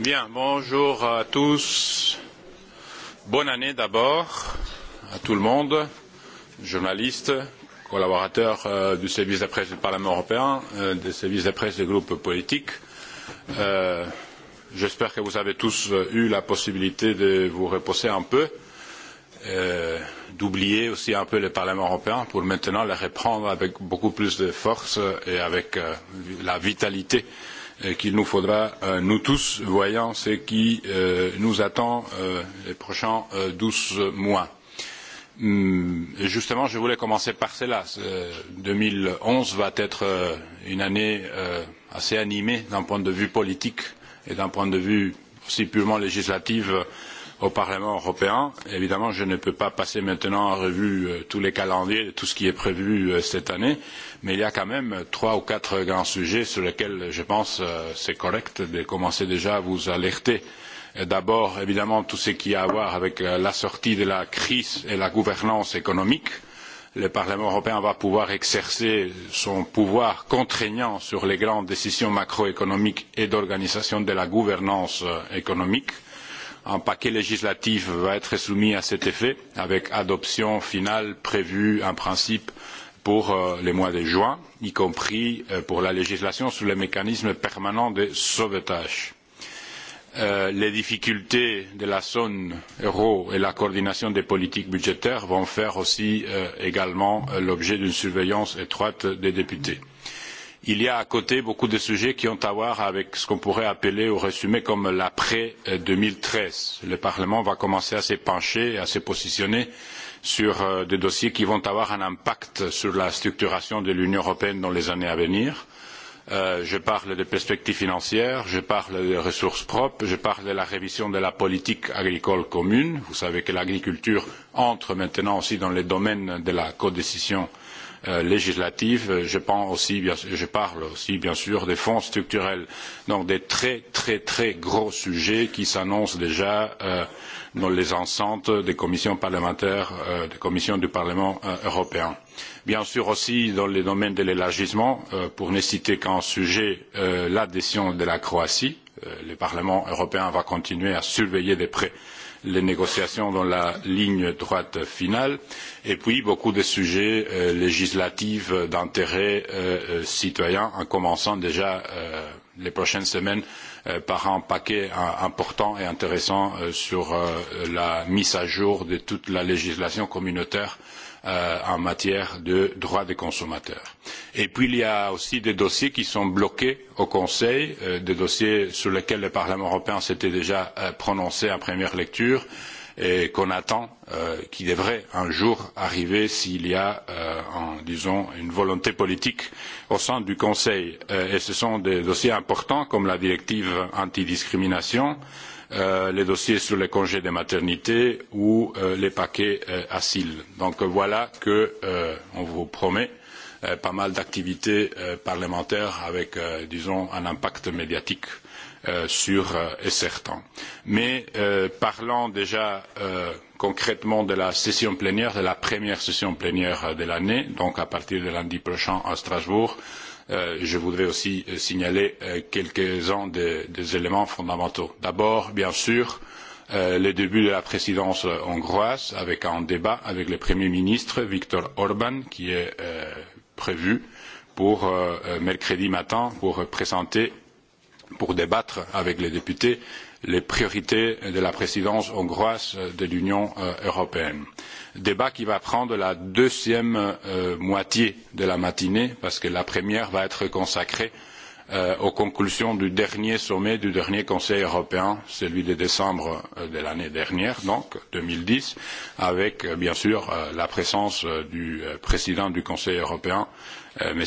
Bien, bonjour à tous. Bonne année d'abord à tout le monde, journalistes, collaborateurs euh, du service de presse du Parlement européen, euh, du service de presse des groupes politiques. Euh, J'espère que vous avez tous euh, eu la possibilité de vous reposer un peu, euh, d'oublier aussi un peu le Parlement européen pour maintenant le reprendre avec beaucoup plus de force et avec euh, la vitalité euh, Euh, qu'il nous faudra, euh, nous tous, voyant ce qui euh, nous attend euh, les prochains euh, douze euh, mois. Hum, justement, je voulais commencer par cela. Euh, 2011 va être euh, une année euh, assez animée d'un point de vue politique et d'un point de vue aussi purement législative. Euh, au Parlement européen. Évidemment, je ne peux pas passer maintenant en revue euh, tous les calendriers, tout ce qui est prévu euh, cette année, mais il y a quand même trois ou quatre grands sujets sur lesquels je pense euh, c'est correct de commencer déjà à vous alerter. D'abord, évidemment, tout ce qui a à voir avec la sortie de la crise et la gouvernance économique. Le Parlement européen va pouvoir exercer son pouvoir contraignant sur les grandes décisions macroéconomiques et d'organisation de la gouvernance économique. Euh, un paquet législatif va être soumis à cet effet, avec adoption finale prévue en principe pour euh, les mois de juin, y compris euh, pour la législation sur les mécanismes permanents de sauvetage. Euh, les difficultés de la zone euro et la coordination des politiques budgétaires vont faire aussi euh, également euh, l'objet d'une surveillance étroite des députés. Mmh il y a à côté beaucoup de sujets qui ont à voir avec ce qu'on pourrait appeler ou résumer comme l'après 2013. Le Parlement va commencer à se pencher, à se positionner sur euh, des dossiers qui vont avoir un impact sur la structuration de l'Union européenne dans les années à venir. Euh, je parle des perspectives financières, je parle des ressources propres, je parle de la révision de la politique agricole commune. Vous savez que l'agriculture entre maintenant aussi dans les domaines de la codécision décision euh, législative. Je, pense aussi, bien, je parle aussi, bien sûr, des fonds structurels. Donc, des très, très, très gros sujets qui s'annoncent déjà euh, dans les enceintes des commissions parlementaires, euh, des commissions du Parlement euh, européen. Bien sûr, aussi dans les domaines de l'élargissement, euh, pour ne citer qu'en sujet euh, l'adhésion de la Croatie, euh, le Parlement européen va continuer à surveiller de près euh, les négociations dans la ligne droite finale et puis beaucoup de sujets euh, législatifs d'intérêt euh, euh citoyen en commençant déjà euh, les prochaines semaines euh, par un paquet euh, important et intéressant euh, sur euh, la mise à jour de toute la législation communautaire euh, euh, en matière de droits des consommateurs. Et puis il y a aussi des dossiers qui sont bloqués au Conseil, euh, des dossiers sur lesquels le Parlement européen s'était déjà euh, prononcé en première lecture et qu'on attend euh, qui devrait un jour arriver s'il y a, euh, en, disons, une volonté politique au sein du Conseil. Euh, et ce sont des dossiers importants comme la directive antidiscrimination, euh, Euh, les dossiers sur les congés de maternité ou euh, les paquets euh, asile. Donc euh, voilà que euh, on vous promet euh, pas mal d'activités euh, parlementaires avec, euh, disons, un impact médiatique euh, sur euh, et certains. Mais euh, parlant déjà euh, concrètement de la session plénière, de la première session plénière euh, de l'année, donc à partir de lundi prochain à Strasbourg, euh, Euh, je voudrais aussi euh, signaler euh, quelques-uns des, des éléments fondamentaux. D'abord, bien sûr, le début de la présidence hongroise avec un débat avec le Premier ministre Viktor Orban qui est prévu pour mercredi matin pour présenter, pour débattre avec les députés les priorités de la présidence hongroise de l'Union euh, européenne. Débat qui va prendre la deuxième euh, moitié de la matinée, parce que la première va être consacrée euh, aux conclusions du dernier sommet du dernier Conseil européen, celui de décembre euh, de l'année dernière, donc 2010, avec euh, bien sûr euh, la présence du président du Conseil européen, euh, M.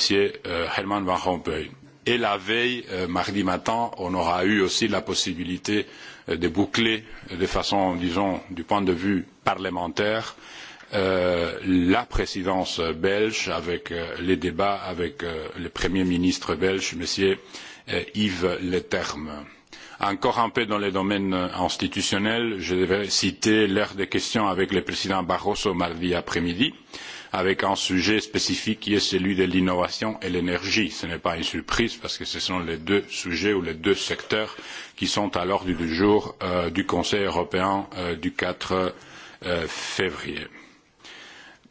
Euh, Herman Van Rompuy. Euh, et la veille, euh, mardi matin, on aura eu aussi la possibilité euh, de boucler euh, de façon, disons, du point de vue parlementaire, euh, la présidence belge avec les débats avec le Premier ministre belge, M. Yves Leterme. Encore un peu dans les domaines institutionnels, je devrais citer l'heure des questions avec le président Barroso mardi après-midi. Euh, avec un sujet spécifique qui est celui de l'innovation et l'énergie. Ce n'est pas une surprise parce que ce sont les deux sujets ou les deux secteurs qui sont à l'ordre du jour euh, du Conseil européen euh, du 4 euh, février.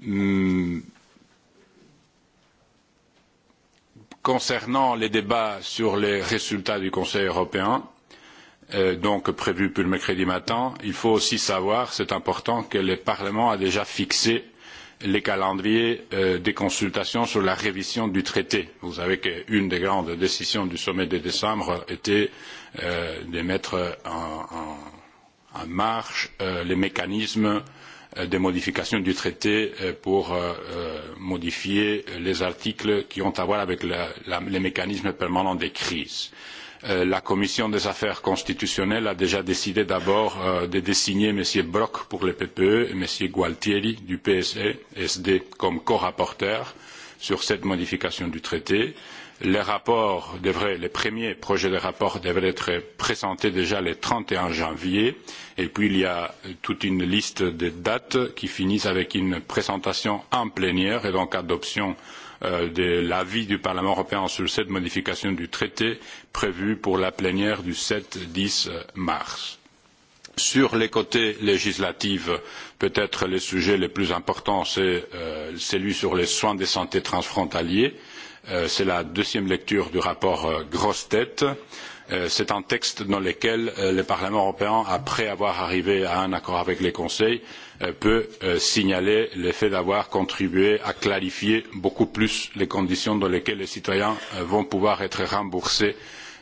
Hum. Concernant les débats sur les résultats du Conseil européen, euh, donc prévus pour le mercredi matin, il faut aussi savoir, c'est important, que le Parlement a déjà fixé euh, les calendriers euh, des consultations sur la révision du traité. Vous savez qu'une des grandes décisions du sommet de décembre était euh, de mettre en, en, en marche euh, les mécanismes euh, de modification du traité euh, pour euh, euh, modifier les articles qui ont à voir avec la, la, les mécanismes permanents des crises. Euh, Euh, la commission des affaires constitutionnelles a déjà décidé d'abord euh, de désigner M. Brock pour le PPE et M. Gualtieri du PSE SD comme co-rapporteurs sur cette modification du traité. Les rapports devraient, les premiers projets de rapport devraient être présentés déjà le 31 janvier. Et puis il y a toute une liste de dates qui finissent avec une présentation en plénière et donc adoption euh, Euh, de l'avis du Parlement européen sur cette modification du traité prévue pour la plénière du 7-10 mars. Sur les côtés législatifs, peut-être le sujet le plus important, c'est euh, celui sur les soins de santé transfrontaliers. Euh, c'est la deuxième lecture du rapport euh, Grosse Tête. Euh, Euh, c'est un texte dans lequel euh, le Parlement européen, après avoir arrivé à un accord avec le Conseil, euh, peut signaler le fait d'avoir contribué à clarifier beaucoup plus les conditions dans lesquelles les citoyens vont pouvoir être remboursés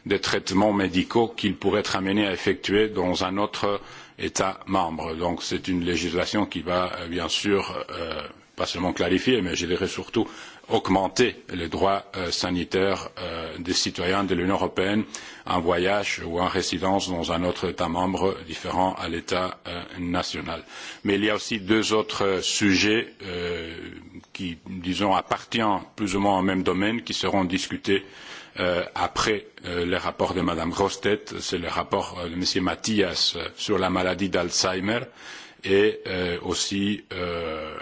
des traitements médicaux qu'ils pourraient être amenés à effectuer dans un autre État membre. Donc c'est une législation qui va bien sûr euh, pas seulement clarifier, mais je dirais surtout augmenter les droits euh, sanitaires euh, des citoyens de l'Union européenne en voyage ou en résidence dans un autre État membre différent à l'État euh, national. Mais il y a aussi deux autres euh, sujets euh, qui, disons, appartiennent plus ou moins au même domaine qui seront discutés euh, après euh, le rapport de Mme Grostet. C'est le rapport euh, de M. Mathias euh, sur la maladie d'Alzheimer et euh, aussi. Euh,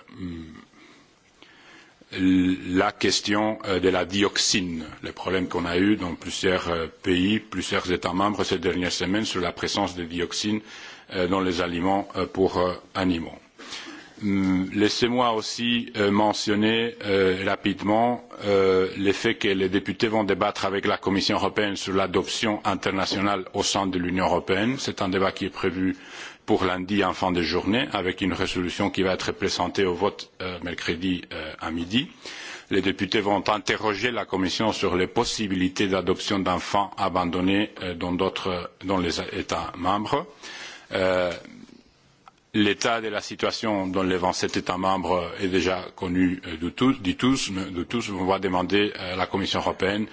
la question euh, de la dioxine, le problème qu'on a eu dans plusieurs euh, pays, plusieurs États membres ces dernières semaines sur la présence de dioxines euh, dans les aliments pour animaux. Laissez-moi aussi mentionner rapidement le fait que les députés vont débattre avec la Commission européenne sur l'adoption internationale au sein de l'Union européenne. C'est un débat qui est prévu pour lundi en fin de journée, avec une résolution qui va être présentée au vote euh, mercredi euh, à midi. Les députés vont interroger la Commission sur les possibilités d'adoption d'enfants abandonnés euh, dans, dans les États membres. Euh, l'état de la situation dans les 27 États membres est déjà connu euh, de tous, de tous, de tous. on va demander à euh, la Commission européenne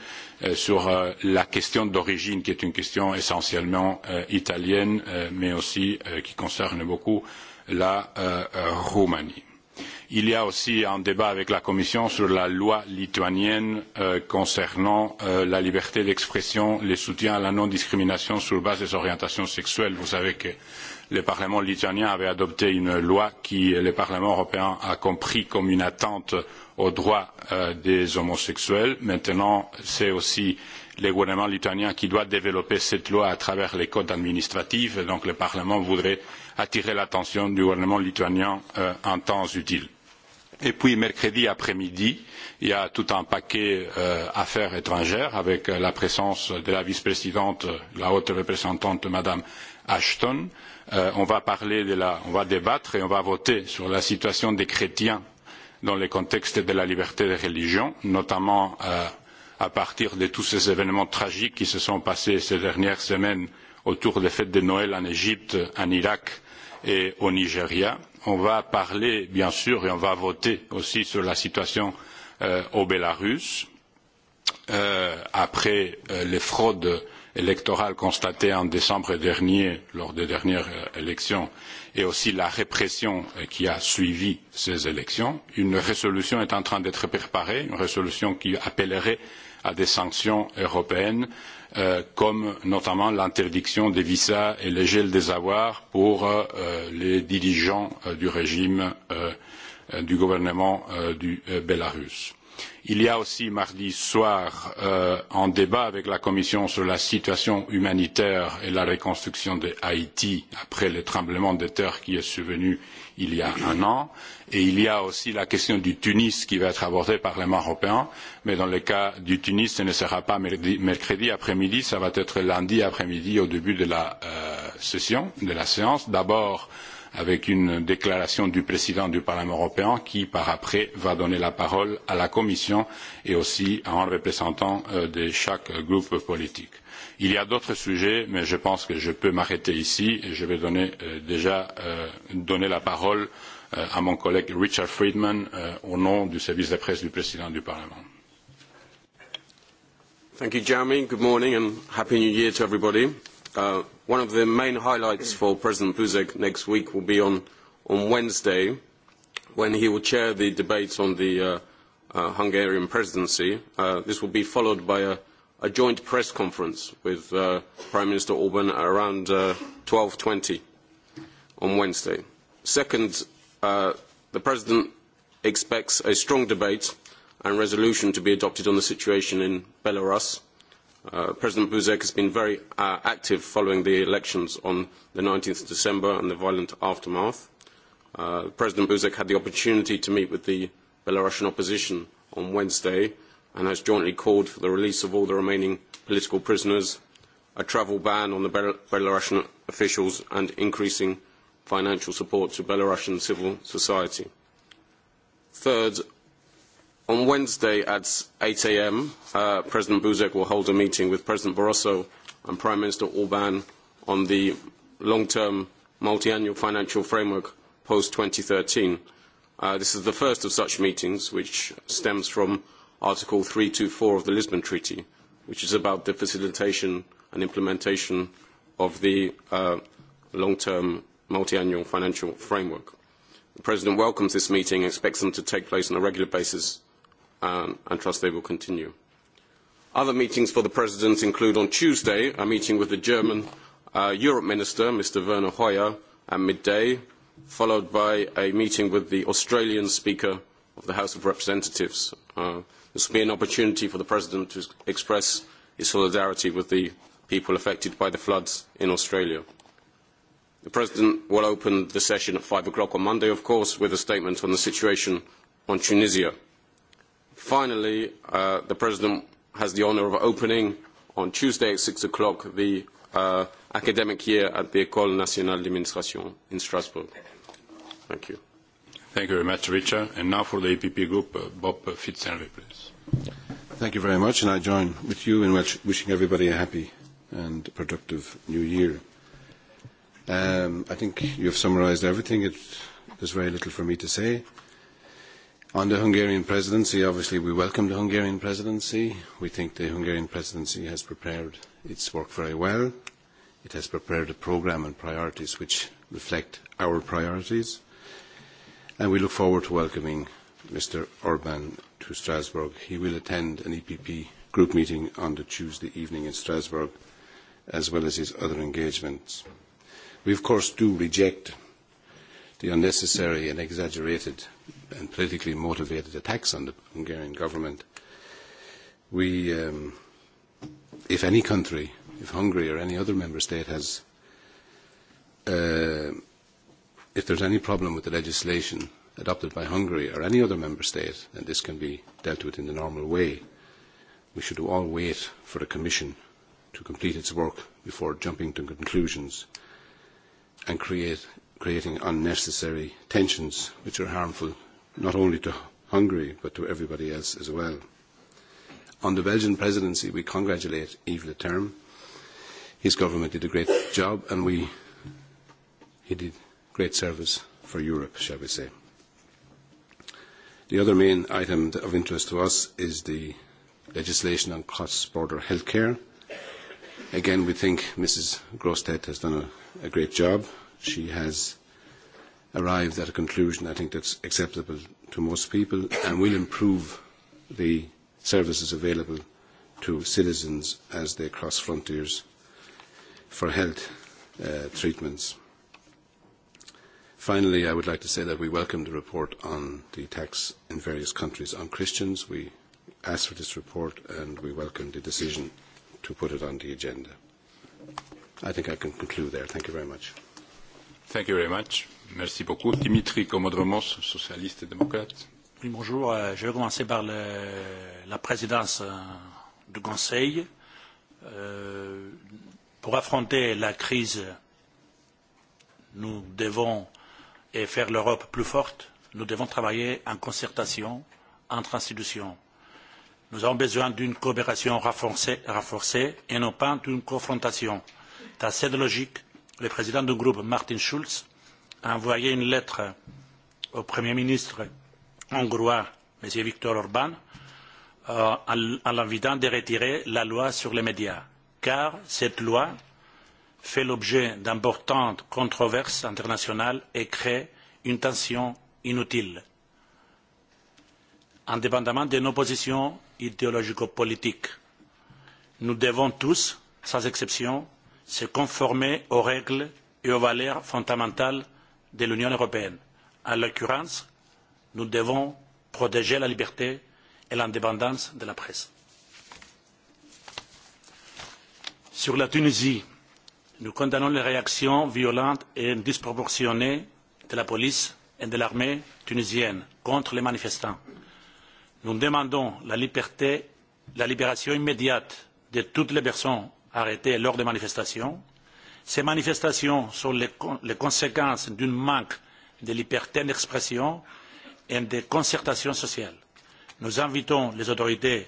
euh, sur la question d'origine, qui est une question essentiellement italienne, mais aussi qui concerne beaucoup la Roumanie. Il y a aussi un débat avec la Commission sur la loi lituanienne euh, concernant euh, la liberté d'expression, le soutien à la non-discrimination sur base des orientations sexuelles. Vous savez que euh, le Parlement lituanien avait adopté une loi qui le Parlement européen a compris comme une attente aux droits euh, des homosexuels. Maintenant, c'est aussi le gouvernement lituanien qui doit développer cette loi à travers les codes administratifs. Et donc, le Parlement voudrait attirer l'attention du gouvernement lituanien euh, en temps utile. Et puis, mercredi après-midi, il y a tout un paquet euh, affaires étrangères avec euh, la présence de la vice-présidente, la haute représentante, Madame Ashton. Euh, euh, on va parler de la, on va débattre et on va voter sur la situation des chrétiens dans le contexte de la liberté de religion, notamment euh, à partir de tous ces événements tragiques qui se sont passés ces dernières semaines autour des fêtes de Noël en Égypte, en Irak et au Nigeria. On va parler, bien sûr, et on va voter aussi sur la situation euh, au Bélarus euh, après euh, les fraudes euh, électorale constatée en décembre dernier lors des dernières euh, élections et aussi la répression euh, qui a suivi ces élections. Une résolution est en train d'être préparée, une résolution qui appellerait à des sanctions européennes euh, comme notamment l'interdiction des visas et le gel des avoirs pour euh, euh, les dirigeants euh, du régime euh, du gouvernement euh, du euh, Bélarus. Il y a aussi mardi soir euh, un débat avec la Commission sur la situation humanitaire et la reconstruction de Haïti après le tremblement de terre qui est survenu il y a un an. Et il y a aussi la question du Tunis qui va être abordée par les européen. Mais dans le cas du Tunis, ce ne sera pas mercredi, mercredi après-midi, ça va être lundi après-midi au début de la euh, session, de la séance. D'abord, euh, avec une déclaration du président du Parlement européen qui, par après, va donner la parole à la Commission et aussi à un représentant euh, de chaque groupe politique. Il y a d'autres sujets, mais je pense que je peux m'arrêter ici et je vais donner, euh, déjà euh, donner la parole à mon collègue Richard Friedman au nom du service de presse du président du Parlement. Thank you, Jeremy. Good morning and happy new year to everybody. Uh, one of the main highlights for President Buzek next week will be on, on Wednesday, when he will chair the debate on the uh, uh, Hungarian presidency. Uh, this will be followed by a, a joint press conference with uh, Prime Minister Orban around 12.20 uh, on Wednesday. Second, uh, the President expects a strong debate and resolution to be adopted on the situation in Belarus. Uh, President Buzek has been very uh, active following the elections on the 19th of December and the violent aftermath. Uh, President Buzek had the opportunity to meet with the Belarusian opposition on Wednesday and has jointly called for the release of all the remaining political prisoners, a travel ban on the Belarusian officials and increasing financial support to Belarusian civil society. Third, On Wednesday at 8 a.m., uh, President Buzek will hold a meeting with President Barroso and Prime Minister Orban on the long-term multi-annual financial framework post 2013. Uh, this is the first of such meetings, which stems from Article 324 of the Lisbon Treaty, which is about the facilitation and implementation of the uh, long-term multi-annual financial framework. The President welcomes this meeting and expects them to take place on a regular basis. Um, and trust they will continue. Other meetings for the president include on Tuesday a meeting with the German uh, Europe Minister, Mr. Werner Hoyer, at midday, followed by a meeting with the Australian Speaker of the House of Representatives. Uh, this will be an opportunity for the president to express his solidarity with the people affected by the floods in Australia. The president will open the session at 5:00 P.M. on Monday, of course, with a statement on the situation on Tunisia finally, uh, the President has the honour of opening on Tuesday at 6 o'clock the uh, academic year at the École Nationale d'Administration in Strasbourg. Thank you. Thank you very much, Richard. And now for the EPP group, uh, Bob Fitzhenry, please. Thank you very much, and I join with you in wishing everybody a happy and productive new year. Um, I think you've summarised everything. It, there's very little for me to say. On the Hungarian presidency, obviously we welcome the Hungarian presidency. We think the Hungarian presidency has prepared its work very well. It has prepared a programme and priorities which reflect our priorities. And we look forward to welcoming Mr Orban to Strasbourg. He will attend an EPP group meeting on the Tuesday evening in Strasbourg, as well as his other engagements. We, of course, do reject the unnecessary and exaggerated and politically motivated attacks on the Hungarian government. We, um, if any country, if Hungary or any other member state has, uh, if there's any problem with the legislation adopted by Hungary or any other member state, then this can be dealt with in the normal way. We should all wait for the Commission to complete its work before jumping to conclusions and create creating unnecessary tensions which are harmful not only to Hungary but to everybody else as well. On the Belgian presidency, we congratulate Yves Leterme. His government did a great job and we, he did great service for Europe, shall we say. The other main item of interest to us is the legislation on cross-border health care. Again, we think Mrs. Grosstedt has done a, a great job she has arrived at a conclusion I think that's acceptable to most people and will improve the services available to citizens as they cross frontiers for health uh, treatments. Finally, I would like to say that we welcome the report on the tax in various countries on Christians. We ask for this report and we welcome the decision to put it on the agenda. I think I can conclude there. Thank you very much. Thank you very much. Merci beaucoup. Dimitri Comodromos, socialiste et démocrate. Oui, bonjour. Euh, je vais commencer par le, la présidence euh, du Conseil. Euh, pour affronter la crise, nous devons et faire l'Europe plus forte, nous devons travailler en concertation entre institutions. Nous avons besoin d'une coopération renforcée, renforcée et non pas d'une confrontation. Dans cette logique, le président du groupe, Martin Schulz, a envoyé une lettre au Premier ministre hongrois, M. Viktor Orban, euh, en l'invitant de retirer la loi sur les médias, car cette loi fait l'objet d'importantes controverses internationales et crée une tension inutile. Indépendamment de nos positions idéologico-politiques, nous devons tous, sans exception, se conformer aux règles et aux valeurs fondamentales de l'Union européenne. En l'occurrence, nous devons protéger la liberté et l'indépendance de la presse. Sur la Tunisie, nous condamnons les réactions violentes et disproportionnées de la police et de l'armée tunisienne contre les manifestants. Nous demandons la liberté, la libération immédiate de toutes les personnes arrêtés lors des manifestations. Ces manifestations sont les, con les conséquences d'une manque de liberté d'expression et des concertations sociales. Nous invitons les autorités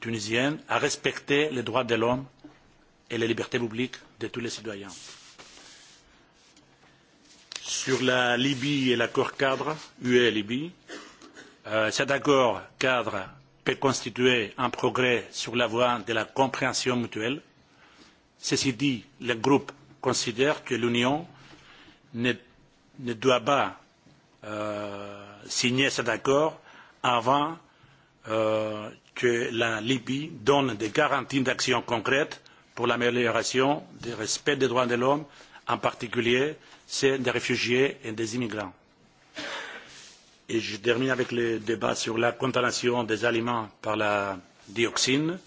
tunisiennes à respecter les droits de l'homme et les libertés publiques de tous les citoyens. Sur la Libye et l'accord cadre UE-Libye, euh, cet accord cadre peut constituer un progrès sur la voie de la compréhension mutuelle. Ceci dit, le groupe considère que l'Union ne, ne doit pas euh, signer cet accord avant euh, que la Libye donne des garanties d'action concrètes pour l'amélioration du respect des droits de l'homme, en particulier ceux des réfugiés et des immigrants je termine avec le débat sur la contamination des aliments par la dioxine.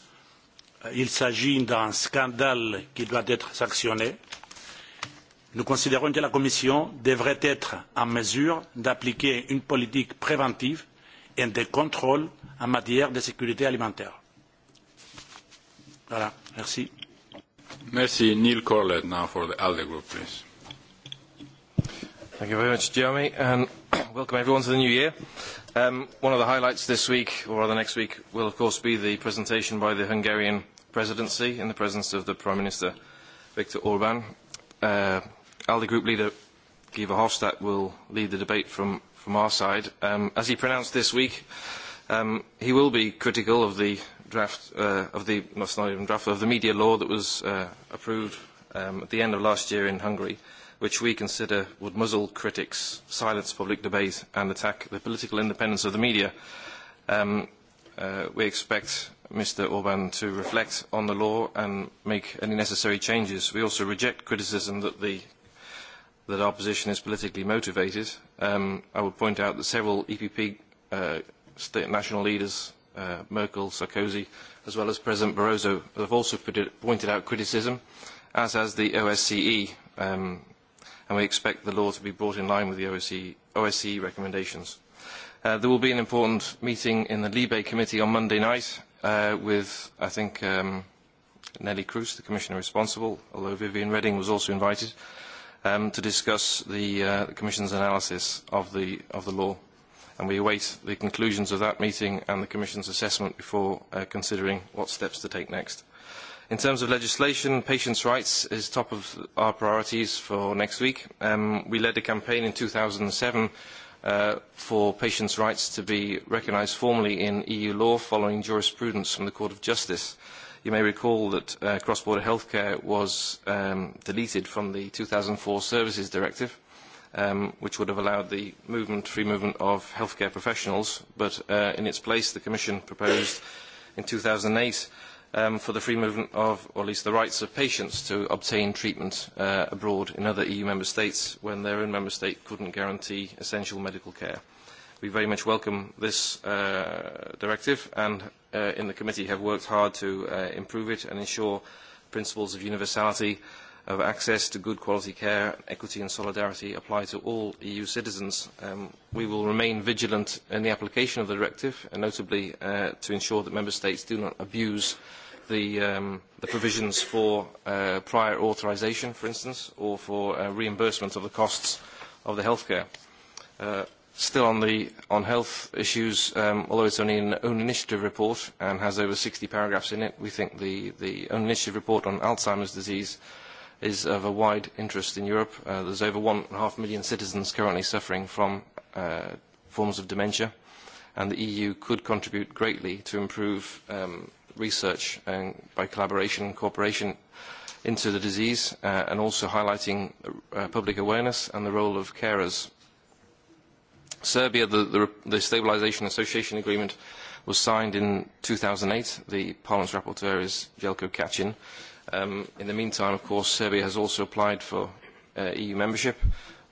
Euh, il s'agit d'un scandale qui doit être sanctionné. Nous considérons que la Commission devrait être en mesure d'appliquer une politique préventive et des contrôles en matière de sécurité alimentaire. Voilà, merci. Merci. Neil Corlett, now for the ALDE group, please. Thank you very much, Jeremy. And Welcome everyone to the new year. Um, one of the highlights this week, or rather next week, will of course be the presentation by the Hungarian presidency in the presence of the Prime Minister, Viktor Orban. Uh, ALDE group leader, Giva Hofstadt, will lead the debate from, from our side. Um, as he pronounced this week, um, he will be critical of the draft, uh, of the, not even draft, of the media law that was uh, approved um, at the end of last year in Hungary which we consider would muzzle critics, silence public debate, and attack the political independence of the media. Um, uh, we expect Mr. Orban to reflect on the law and make any necessary changes. We also reject criticism that the that our position is politically motivated. Um, I would point out that several EPP uh, state national leaders, uh, Merkel, Sarkozy, as well as President Barroso, have also put it, pointed out criticism, as has the OSCE, um, and we expect the law to be brought in line with the OSCE, OSCE recommendations. Uh, there will be an important meeting in the Libe Committee on Monday night uh, with, I think, um, Nelly Cruz, the Commissioner responsible, although Vivian Redding was also invited, um, to discuss the, uh, the Commission's analysis of the, of the law. And we await the conclusions of that meeting and the Commission's assessment before uh, considering what steps to take next. In terms of legislation, patients' rights is top of our priorities for next week. Um, we led a campaign in 2007 uh, for patients' rights to be recognised formally in EU law following jurisprudence from the Court of Justice. You may recall that uh, cross-border healthcare was um, deleted from the 2004 Services Directive, um, which would have allowed the movement, free movement of healthcare professionals, but uh, in its place the Commission proposed in 2008 um, for the free movement of, or at least the rights of patients to obtain treatment uh, abroad in other EU member states when their own member state couldn't guarantee essential medical care. We very much welcome this uh, directive and uh, in the committee have worked hard to uh, improve it and ensure principles of universality of access to good quality care, equity and solidarity apply to all EU citizens. Um, we will remain vigilant in the application of the directive, and notably uh, to ensure that Member States do not abuse the, um, the provisions for uh, prior authorisation, for instance, or for uh, reimbursement of the costs of the healthcare. Uh, still on, the, on health issues, um, although it's only an own initiative report and has over 60 paragraphs in it, we think the, the own initiative report on Alzheimer's disease is of a wide interest in Europe. Uh, there's over one and a half million citizens currently suffering from uh, forms of dementia, and the EU could contribute greatly to improve um, research and by collaboration and cooperation into the disease, uh, and also highlighting uh, public awareness and the role of carers. Serbia, the, the, the Stabilization Association Agreement, uh, was signed in 2008. The Parliament's rapporteur is Jelko Kacin. Um, in the meantime, of course, Serbia has also applied for uh, EU membership,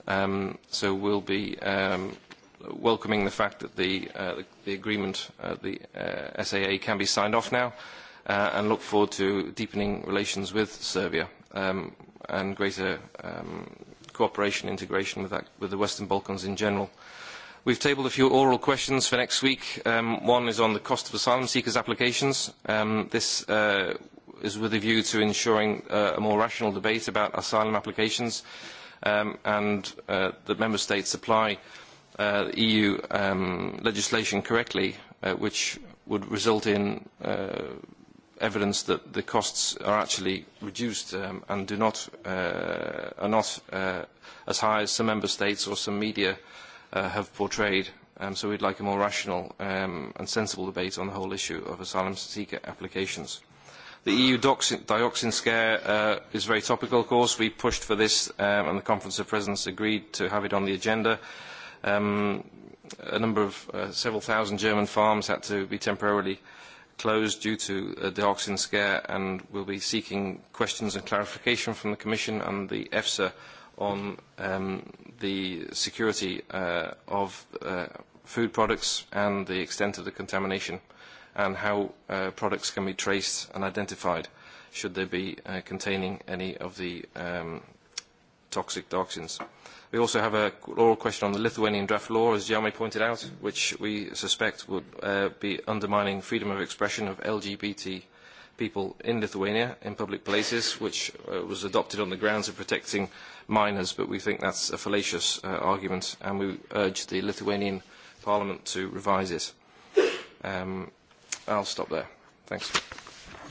um, so we'll be um, welcoming the fact that the, uh, the, the agreement, uh, the uh, SAA, can be signed off now uh, and look forward to deepening relations with Serbia um, and greater um, cooperation integration with, that, with the Western Balkans in general. We've tabled a few oral questions for next week. Um, one is on the cost of asylum seekers' applications. Um, this uh, is with a view to ensuring uh, a more rational debate about asylum applications um, and uh, that member states apply uh, EU um, legislation correctly, uh, which would result in uh, evidence that the costs are actually reduced um, and do not, uh, are not uh, as high as some member states or some media uh, uh, have portrayed. Um, so we'd like a more rational um, and sensible debate on the whole issue of asylum seeker applications. The EU dioxin scare uh, is very topical, of course. We pushed for this, um, and the Conference of Presidents agreed to have it on the agenda. Um, a number of uh, several thousand German farms had to be temporarily closed due to the dioxin scare, and we'll be seeking questions and clarification from the Commission and the EFSA on um, the security uh, of uh, food products and the extent of the contamination and how uh, products can be traced and identified should they be uh, containing any of the um, toxic dioxins. We also have a oral question on the Lithuanian draft law, as Jaume pointed out, which we suspect would uh, be undermining freedom of expression of LGBT uh, people in Lithuania in public places, which uh, was adopted on the grounds of protecting minors, but we think that's a fallacious uh, argument, and we urge the Lithuanian Parliament to revise it. Um, I'll stop there. Thanks.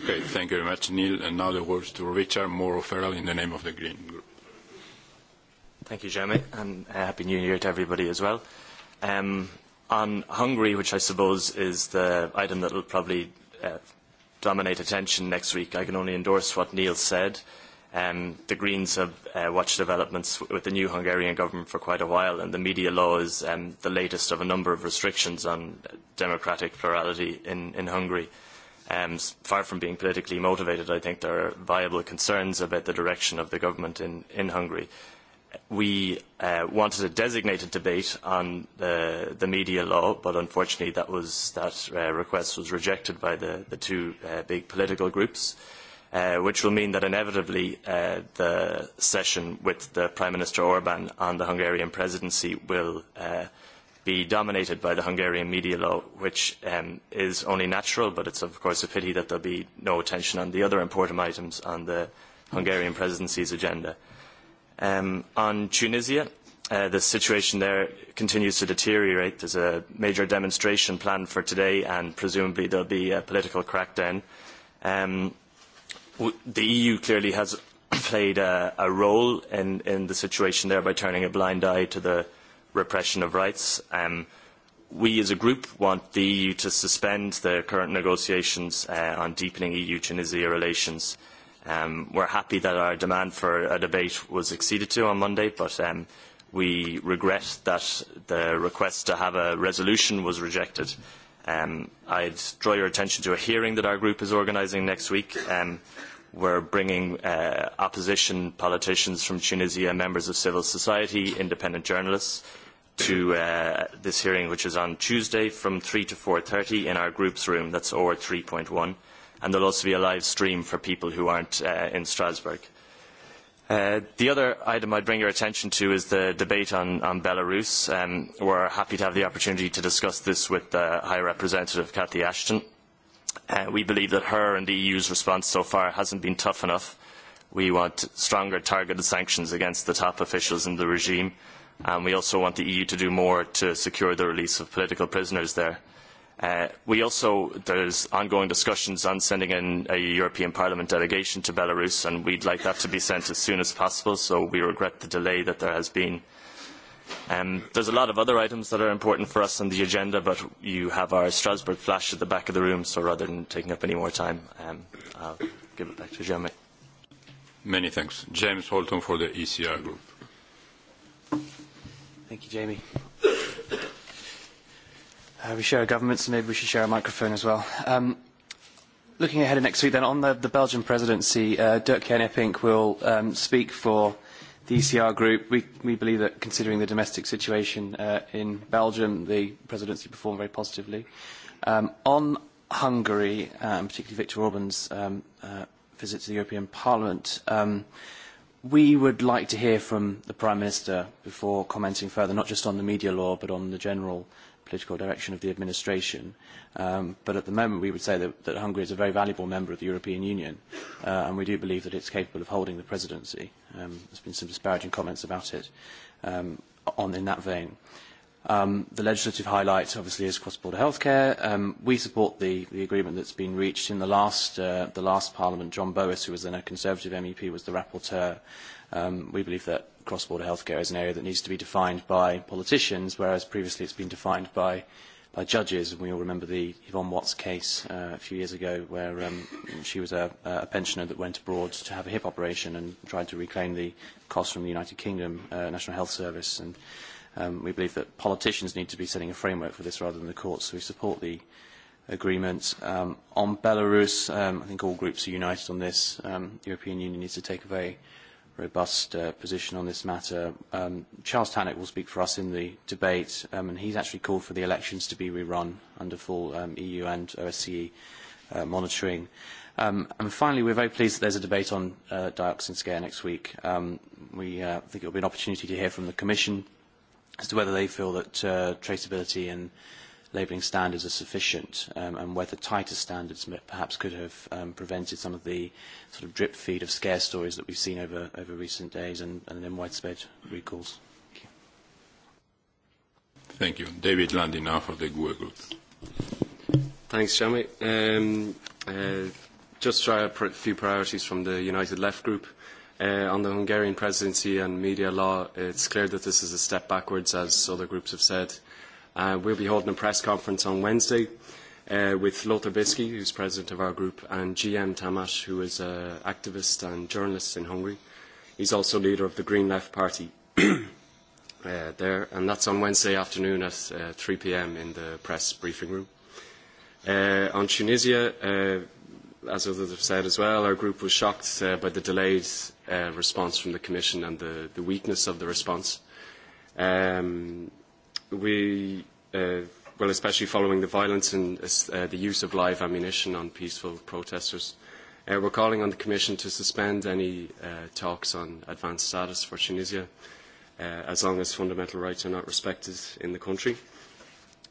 Okay, thank you very much, Neil. And now the words to Richard Moro Ferrell in the name of the Green Group. Thank you, Jeremy, and uh, Happy New Year to everybody as well. Um, on Hungary, which I suppose is the item that will probably uh, dominate attention next week. I can only endorse what Neil said. Um, the Greens have uh, watched developments with the new Hungarian government for quite a while, and the media law is um, the latest of a number of restrictions on democratic plurality in, in Hungary. Um, far from being politically motivated, I think there are viable concerns about the direction of the government in, in Hungary we uh, wanted a designated debate on the, the media law, but unfortunately that, was, that uh, request was rejected by the, the two uh, big political groups, uh, which will mean that inevitably uh, the session with the Prime Minister Orban on the Hungarian presidency will uh, be dominated by the Hungarian media law, which um, is only natural, but it's of course a pity that there'll be no attention on the other important items on the Hungarian presidency's agenda. Um, on Tunisia, uh, the situation there continues to deteriorate. There's a major demonstration planned for today, and presumably there'll be a political crackdown. Um, the EU clearly has played a, a role in, in the situation there by turning a blind eye to the repression of rights. Um, we as a group want the EU to suspend the current negotiations uh, on deepening EU-Tunisia relations. Um, we're happy that our demand for a debate was acceded to on Monday, but um, we regret that the request to have a resolution was rejected. Um, I'd draw your attention to a hearing that our group is organising next week. Um, we're bringing uh, opposition politicians from Tunisia, members of civil society, independent journalists to uh, this hearing, which is on Tuesday from 3 to 4.30 in our group's room. That's OR 3.1 and there'll also be a live stream for people who aren't uh, in Strasbourg. Uh, the other item I'd bring your attention to is the debate on, on Belarus. Um, we're happy to have the opportunity to discuss this with uh, High Representative Cathy Ashton. Uh, we believe that her and the EU's response so far hasn't been tough enough. We want stronger targeted sanctions against the top officials in the regime, and we also want the EU to do more to secure the release of political prisoners there. Uh, Uh, we also there's ongoing discussions on sending in a European Parliament delegation to Belarus, and we'd like that to be sent as soon as possible. So we regret the delay that there has been. Um, there's a lot of other items that are important for us on the agenda, but you have our Strasbourg flash at the back of the room. So rather than taking up any more time, um, I'll give it back to Jeremy. Many thanks, James Holton for the ECR Group. Thank you, Jamie. Uh, we share a government, so maybe we should share a microphone as well. Um, looking ahead to next week, then, on the, the Belgian presidency, uh, Dirk-Jan Epink will um, speak for the ECR group. We, we believe that, considering the domestic situation uh, in Belgium, the presidency performed very positively. Um, on Hungary, uh, um, and particularly Viktor Orban's um, uh, visit to the European Parliament, um, we would like to hear from the Prime Minister before commenting further, not just on the media law, but on the general political direction of the administration. Um, but at the moment, we would say that, that Hungary is a very valuable member of the European Union, uh, and we do believe that it's capable of holding the presidency. Um, there's been some disparaging comments about it um, on, in that vein. Um, the legislative highlight, obviously, is cross-border healthcare. Um, we support the, the agreement that's been reached in the last, uh, the last parliament. John Boas, who was then a Conservative MEP, was the rapporteur. Um, we believe that cross-border healthcare is an area that needs to be defined by politicians, whereas previously it's been defined by, by judges. We all remember the Yvonne Watts case uh, a few years ago where um, she was a, a pensioner that went abroad to have a hip operation and tried to reclaim the cost from the United Kingdom uh, National Health Service. And um, we believe that politicians need to be setting a framework for this rather than the courts, so we support the agreement. Um, on Belarus, um, I think all groups are united on this. Um, the European Union needs to take a very robust uh, position on this matter. Um, Charles Tannock will speak for us in the debate, um, and he's actually called for the elections to be rerun under full um, EU and OSCE uh, monitoring. Um, and finally, we're very pleased that there's a debate on uh, dioxin scare next week. Um, we uh, think it will be an opportunity to hear from the Commission as to whether they feel that uh, traceability and uh, labelling standards are sufficient um, and whether tighter standards may, perhaps could have um, prevented some of the sort of drip feed of scare stories that we've seen over, over recent days and, and then widespread recalls. Thank you. Thank you. David Landy now for the Google Group. Thanks, Jamie. Um, uh, just try a pr few priorities from the United Left Group. Uh, on the Hungarian presidency and media law, it's clear that this is a step backwards, as other groups have said. Uh, we'll be holding a press conference on Wednesday uh, with Lothar Bisky, who's president of our group, and GM Tamás, who is an uh, activist and journalist in Hungary. He's also leader of the Green Left Party uh, there, and that's on Wednesday afternoon at uh, 3 p.m. in the press briefing room. Uh, on Tunisia, uh, as others have said as well, our group was shocked uh, by the delayed uh, response from the Commission and the, the weakness of the response. Um, we, uh, well, especially following the violence and uh, uh, the use of live ammunition on peaceful protesters, uh, we're calling on the Commission to suspend any uh, talks on advanced status for Tunisia uh, as long as fundamental rights are not respected in the country.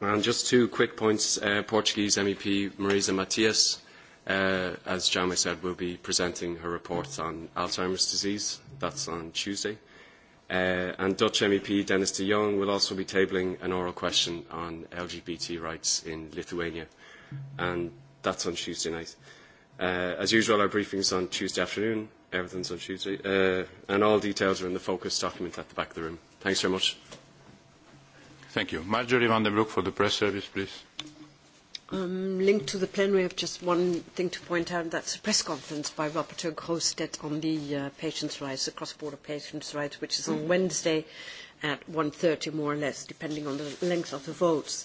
And just two quick points. Uh, Portuguese MEP Marisa Matias, uh, as Jamie said, will be presenting her report on Alzheimer's disease. That's on Tuesday. Uh, Uh, and Dutch MEP Dennis de Jong will also be tabling an oral question on LGBT rights in Lithuania. And that's on Tuesday night. Uh, as usual, our briefing's on Tuesday afternoon. Everything's on Tuesday. Uh, and all details are in the focus document at the back of the room. Thanks very much. Thank you. Marjorie van den Broek for the press service, please. Um, linked to the plenary, I have just one thing to point out. That's a press conference by Rapporteur Grosstedt on the uh, patients' rights, the cross-border patients' rights, which is on mm-hmm. Wednesday at 1.30, more or less, depending on the length of the votes.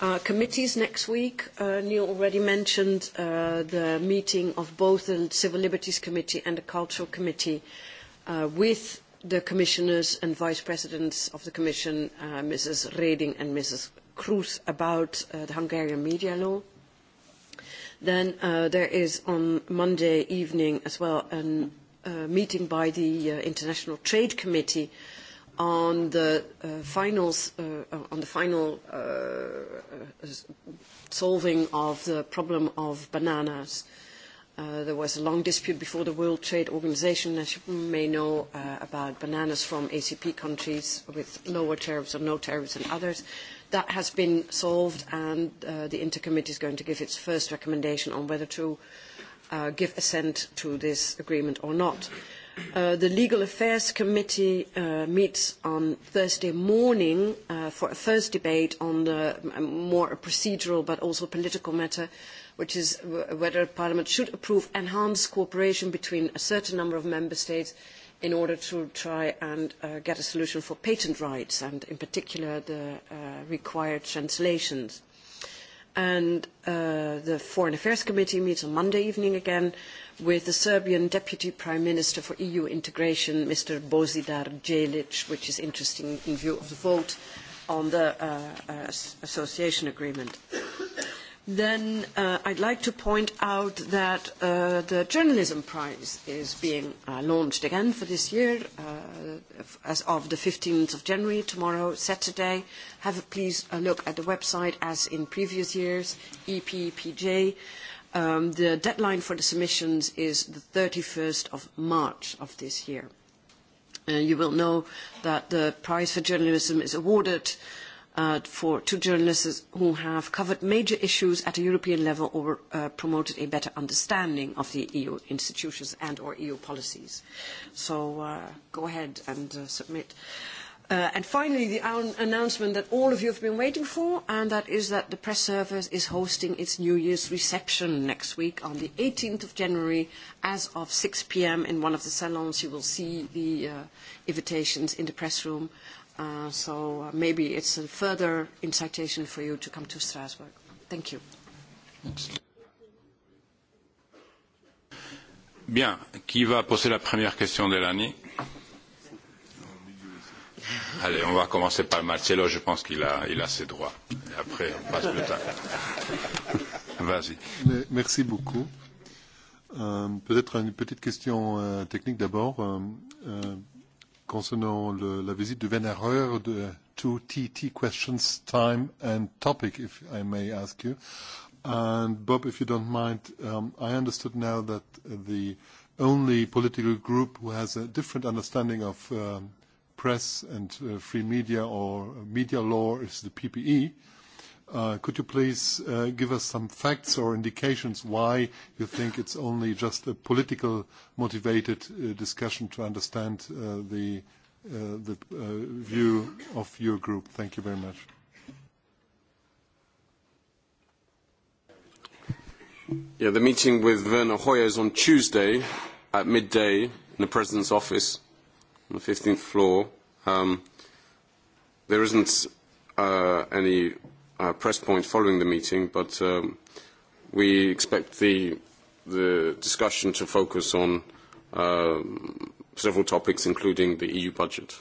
Uh, committees next week. Uh, Neil already mentioned uh, the meeting of both the Civil Liberties Committee and the Cultural Committee uh, with the commissioners and vice presidents of the commission, uh, Mrs. Reding and Mrs. Cruz about uh, the Hungarian media law. Then uh, there is on Monday evening as well a uh, meeting by the uh, International Trade Committee on the uh, finals, uh, on the final uh, uh, solving of the problem of bananas. Uh, there was a long dispute before the World Trade Organization, as you may know, uh, about bananas from ACP countries with lower tariffs or no tariffs than others that has been solved and uh, the intercommittee is going to give its first recommendation on whether to uh, give assent to this agreement or not. Uh, the legal affairs committee uh, meets on Thursday morning uh, for a first debate on the, um, more a procedural but also political matter which is w whether Parliament should approve enhanced cooperation between a certain number of member states in order to try and uh, get a solution for patent rights and, in particular, the uh, required translations. And uh, the Foreign Affairs Committee meets on Monday evening again with the Serbian Deputy Prime Minister for EU Integration, Mr. Bozidar Jelic, which is interesting in view of the vote on the uh, uh, association agreement then uh, I'd like to point out that uh, the Journalism Prize is being uh, launched again for this year uh, as of the 15th of January, tomorrow, Saturday. Have a please a look at the website as in previous years, EPPJ. Um, the deadline for the submissions is the 31st of March of this year. Uh, you will know that the Prize for Journalism is awarded uh, uh, for two journalists who have covered major issues at a European level or uh, promoted a better understanding of the EU institutions and or EU policies. So uh, go ahead and uh, submit. Uh, and finally, the an announcement that all of you have been waiting for, and that is that the press service is hosting its New Year's reception next week on the 18th of January as of 6 p.m. in one of the salons. You will see the uh, invitations in the press room. Uh, Uh, so uh, maybe it's a further incitation for you to come to Strasbourg. Thank you. Thanks. Bien. Qui va poser la première question de l'année Allez, on va commencer par Marcelo. Je pense qu'il a, il a ses droits. Et après, on passe plus tard. Vas-y. Merci beaucoup. Euh, Peut-être une petite question euh, technique d'abord. Euh, euh, concernant la visite de Wenner Höher, two TT questions, time and topic, if I may ask you. Bob, if you don't mind, um, I understood now that the only political group who has a different understanding of um, press and uh, free media or media law is the PPE. Uh, could you please uh, give us some facts or indications why you think it's only just a political motivated uh, discussion to understand the view of your group? Thank you very much. Yeah, the meeting with Werner Hoyer is on Tuesday at midday in the president's office on the 15th floor. Um, there isn't any uh, press point following the meeting, but um, we expect the, the discussion to focus on uh, several topics, including the EU budget.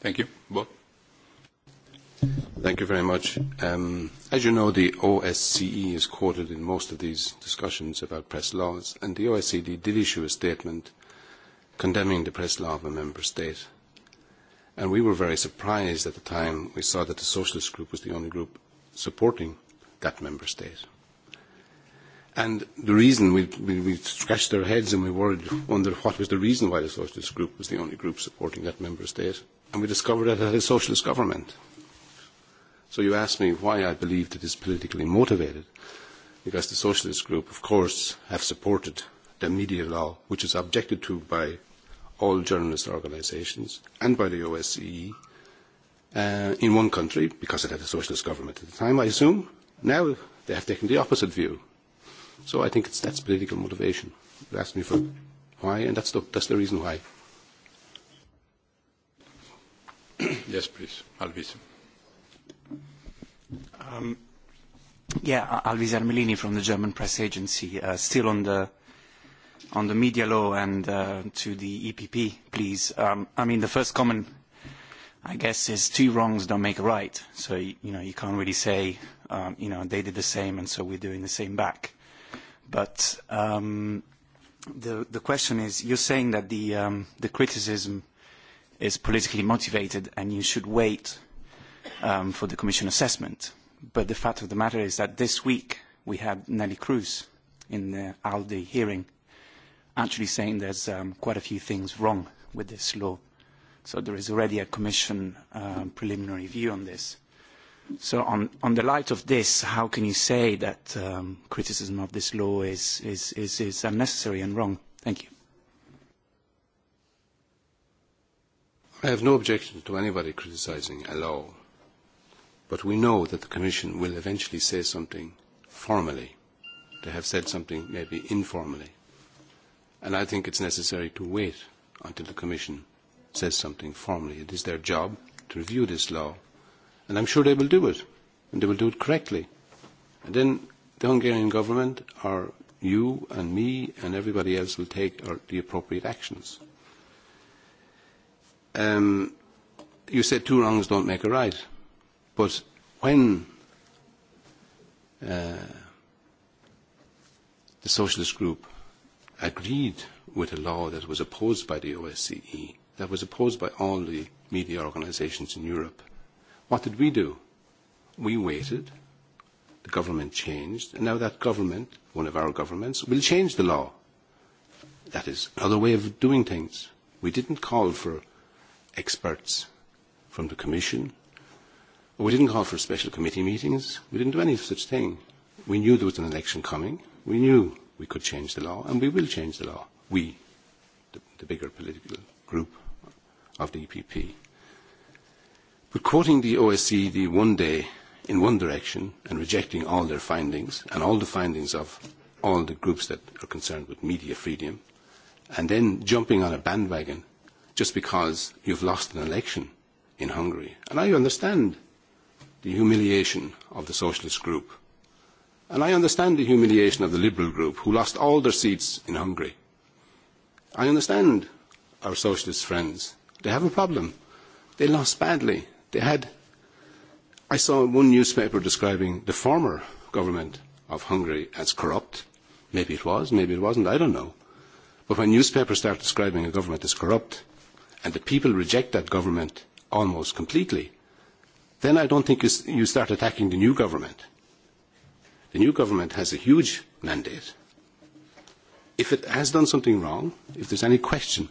Thank you. Bob. Thank you very much. Um, as you know, the OSCE is quoted in most of these discussions about press laws, and the OSCE did issue a statement condemning the press law of a member state. And we were very surprised at the time we saw that the socialist group was the only group supporting that member state. And the reason we, we, we scratched our heads and we worried, wondered what was the reason why the socialist group was the only group supporting that member state. And we discovered that it had a socialist government. So you asked me why I believed it is politically motivated. Because the socialist group, of course, have supported the media law, which is objected to by all journalist organizations and by the OSCE uh, in one country because it had a socialist government at the time, I assume. Now they have taken the opposite view. So I think it's, that's political motivation. You asked me for why, and that's the, that's the reason why. Yes, please. Alvis. Um, yeah, Alvis Armelini from the German press agency. Uh, still on the on the media law and uh, to the EPP, please. Um, I mean, the first common, I guess, is two wrongs don't make a right. So, you, you know, you can't really say, um, you know, they did the same and so we're doing the same back. But um, the, the question is, you're saying that the, um, the criticism is politically motivated and you should wait um, for the Commission assessment. But the fact of the matter is that this week we had Nelly Cruz in the ALDE hearing actually saying there's um, quite a few things wrong with this law. So there is already a commission uh, preliminary view on this. So on, on the light of this, how can you say that um, criticism of this law is, is, is, is unnecessary and wrong? Thank you. I have no objection to anybody criticizing a law, but we know that the Commission will eventually say something formally. They have said something maybe informally. And I think it's necessary to wait until the Commission says something formally. It is their job to review this law. And I'm sure they will do it. And they will do it correctly. And then the Hungarian government, or you and me and everybody else, will take the appropriate actions. Um, you said two wrongs don't make a right. But when uh, the socialist group agreed with a law that was opposed by the OSCE, that was opposed by all the media organizations in Europe. What did we do? We waited. The government changed. And now that government, one of our governments, will change the law. That is another way of doing things. We didn't call for experts from the Commission. We didn't call for special committee meetings. We didn't do any such thing. We knew there was an election coming. We knew we could change the law, and we will change the law. We, the, the bigger political group of the EPP. But quoting the OSCE, the one day in one direction and rejecting all their findings and all the findings of all the groups that are concerned with media freedom, and then jumping on a bandwagon just because you've lost an election in Hungary. And I understand the humiliation of the socialist group and I understand the humiliation of the Liberal group who lost all their seats in Hungary. I understand our socialist friends. They have a problem. They lost badly. They had. I saw one newspaper describing the former government of Hungary as corrupt. Maybe it was, maybe it wasn't, I don't know. But when newspapers start describing a government as corrupt and the people reject that government almost completely, then I don't think you start attacking the new government. The new government has a huge mandate. If it has done something wrong, if there's any question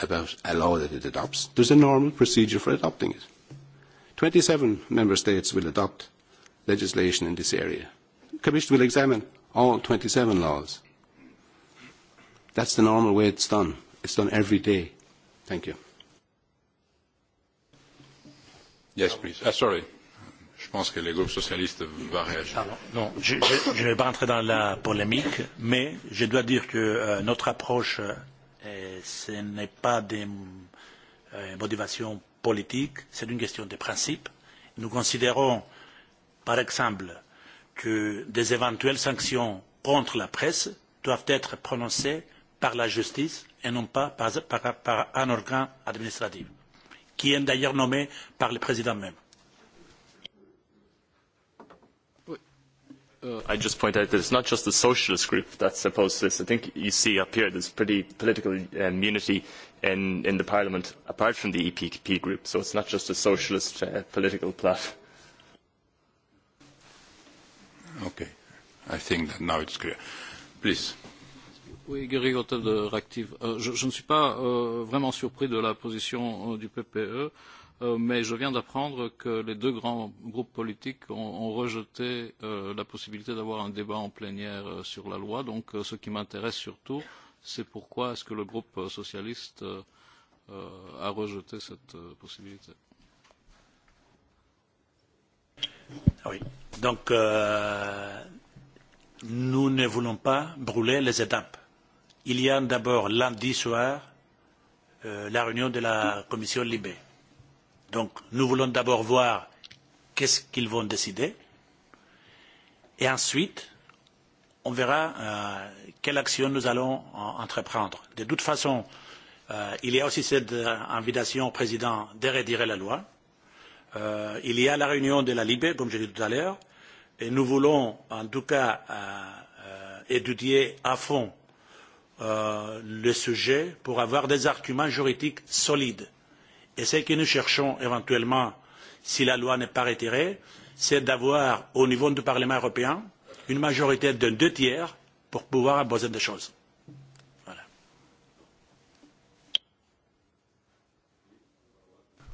about a law that it adopts, there's a normal procedure for adopting it. 27 member states will adopt legislation in this area. The Commission will examine all 27 laws. That's the normal way it's done. It's done every day. Thank you. Yes, please. Uh, sorry pense que le groupe socialiste va réagir. Pardon. Non, je ne vais pas entrer dans la polémique, mais je dois dire que euh, notre approche, euh, ce n'est pas des euh, motivations politiques, c'est une question de principe. Nous considérons, par exemple, que des éventuelles sanctions contre la presse doivent être prononcées par la justice et non pas par, par, par un organe administratif, qui est d'ailleurs nommé par le président même. I just point out that it's not just the socialist group that's opposed to this. I think you see up here there's pretty political um, unity in, in the Parliament apart from the EPP group, so it's not just a socialist uh, political plot. Okay, I think that now it's clear. Please. Oui, Guéry Gautel de Reactive. Euh, je ne suis pas euh, vraiment surpris de la position euh, du PPE. Euh, Euh, mais je viens d'apprendre que les deux grands groupes politiques ont, ont rejeté euh, la possibilité d'avoir un débat en plénière euh, sur la loi. Donc euh, ce qui m'intéresse surtout, c'est pourquoi est-ce que le groupe euh, socialiste euh, euh, a rejeté cette euh, possibilité. Oui. Donc euh, nous ne voulons pas brûler les étapes. Il y a d'abord lundi soir euh, la réunion de la commission Libé. Donc nous voulons d'abord voir qu'est-ce qu'ils vont décider et ensuite on verra euh, quelle action nous allons en, entreprendre. De toute façon, euh, il y a aussi cette euh, invitation au président de retirer la loi. Euh, il y a la réunion de la Libé, comme je l'ai dit tout à l'heure, et nous voulons en tout cas euh, euh, étudier à fond euh, le sujet pour avoir des arguments juridiques solides et ce que nous cherchons éventuellement si la loi n'est pas retirée c'est d'avoir au niveau du parlement européen une majorité de deux tiers pour pouvoir imposer des choses. Voilà.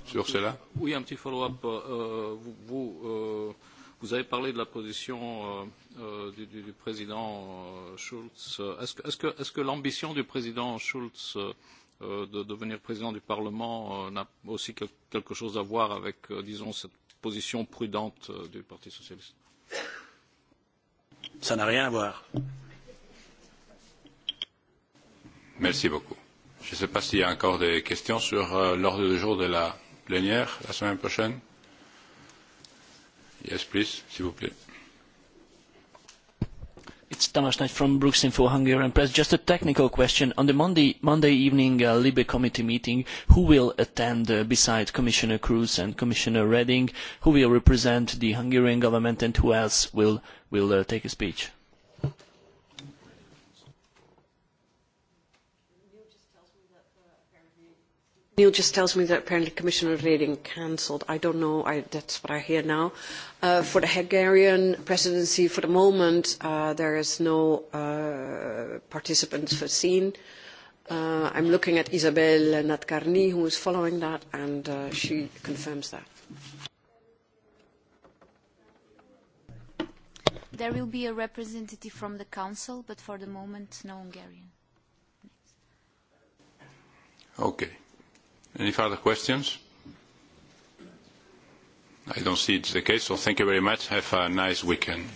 Sur cela Oui, un petit follow-up. Euh, vous, vous, euh, vous avez parlé de la position euh, euh du, du président euh, Schulz. Est-ce que, est que, est que l'ambition du président Schulz euh, Euh, de devenir président du Parlement euh, n'a aussi que quelque chose à voir avec, euh, disons, cette position prudente du Parti socialiste. Ça n'a rien à voir. Merci beaucoup. Je ne sais pas s'il y a encore des questions sur l'ordre du jour de la plénière la semaine prochaine. Yes, please, s'il vous plaît it's Tamás Nagy from Brooks Info Hungarian Press. Just a technical question. On the Monday, Monday evening uh, Libe committee meeting, who will attend uh, besides Commissioner Cruz and Commissioner Redding? Who will represent the Hungarian government and who else will, will uh, take a speech? Neil just tells me that apparently Commissioner Reding cancelled. I don't know. I, that's what I hear now. Uh, for the Hungarian presidency, for the moment, uh, there is no uh, participants foreseen. Uh, I'm looking at Isabel Natkarni, who is following that, and uh, she confirms that. There will be a representative from the Council, but for the moment, no Hungarian. Okay. Any further questions? I don't see it's the case, so thank you very much. Have a nice weekend.